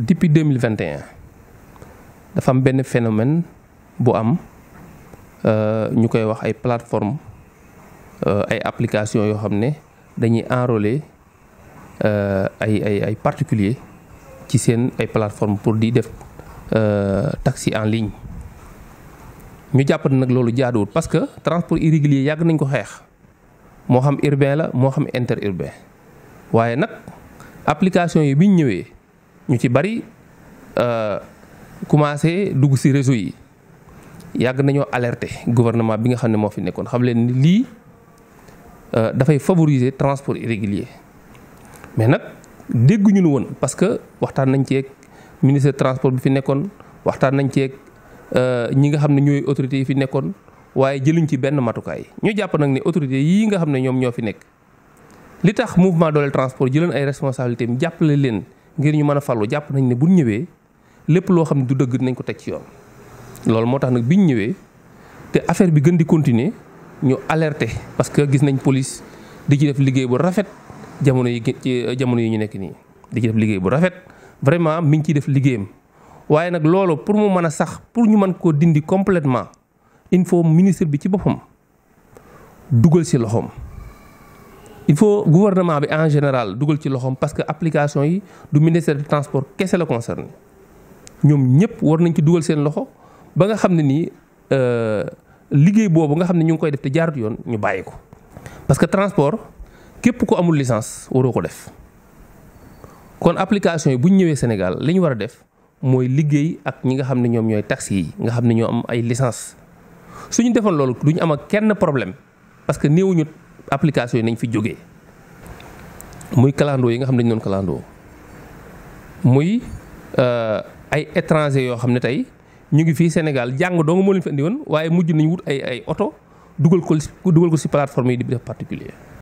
depuis deux mille vingt et dafa am benn phénomène bu am euh, ñu koy wax ay plateforme euh, ay application yoo xam ne dañuy enrôler euh, ay ay ay particulier ci seen ay plateforme pour di def taxi en ligne ñu jàpp nag loolu jaaduwul parce que transport irrégulier yàgg nañ ko xeex moo xam urbain la moo xam inter interurbain waaye nag application yi biñ ñëwee ñu ci bari euh, commencé dugg si réseau yi yàgg nañoo alerte gouvernement bi nga xam ne moo fi nekkoon xam leen ni lii euh, dafay favoriser transport irrégulier mais nag dégguñu nu woon parce que waxtaan nañ ceeg ak transport bi fi nekkoon waxtaan nañ ci ak euh, ñi nga xam ne ñooy autorités yi fi nekkoon waaye jëluñ ci benn matukaay ñu jàpp nag ni autorité yii nga xam ne ñoom ñoo fi nekk li tax mouvement dooleel transport jëloon ay responsabilités jàppale leen. ngir ñu mën a fallu jàpp nañ ne bu ñëwee lépp loo xam ne du dëgg nañ ko teg ci yoon. loolu moo tax nag biñ ñëwee te affaire bi gën di continuer ñu alerte parce que gis nañ police di ci def liggéey bu rafet jamono yi ci euh, jamono yi ñu nekk nii di ci def liggéey bu rafet vraiment mi ngi ciy def liggéeyam. waaye nag loolu pour mu mën a sax pour ñu mën koo dindi completement il faut ministre bi ci boppam dugal ci loxoom. il faut gouvernement bi en général dugal ci loxoom parce que application yi du ministère du transport kese la concerné ñoom ñëpp war nañ ci dugal seen loxo ba nga xam ne nii euh, liggéey boobu nga xam ne ñu ngi koy def te jaarut yoon ñu bàyyi ko. parce que transport képp ku amul licence waroo ko def kon application yi bu ñu ñëwee Sénégal li ñu war a def mooy liggéey ak ñi nga xam ne ñoom ñooy taxi yi nga xam ne ñoo am ay licence su ñu defoon loolu du am ak kenn problème application yi nañ fi jógee muy kalandoo yi nga xam ne dañu doon kalandoo muy euh, ay étranger yoo xam ne tey ñu ngi fii Sénégal jàng doo nga moo leen fi andi woon waaye mujj nañ wut ay ay oto dugal ko dugal ko si plateforme yi di def particulier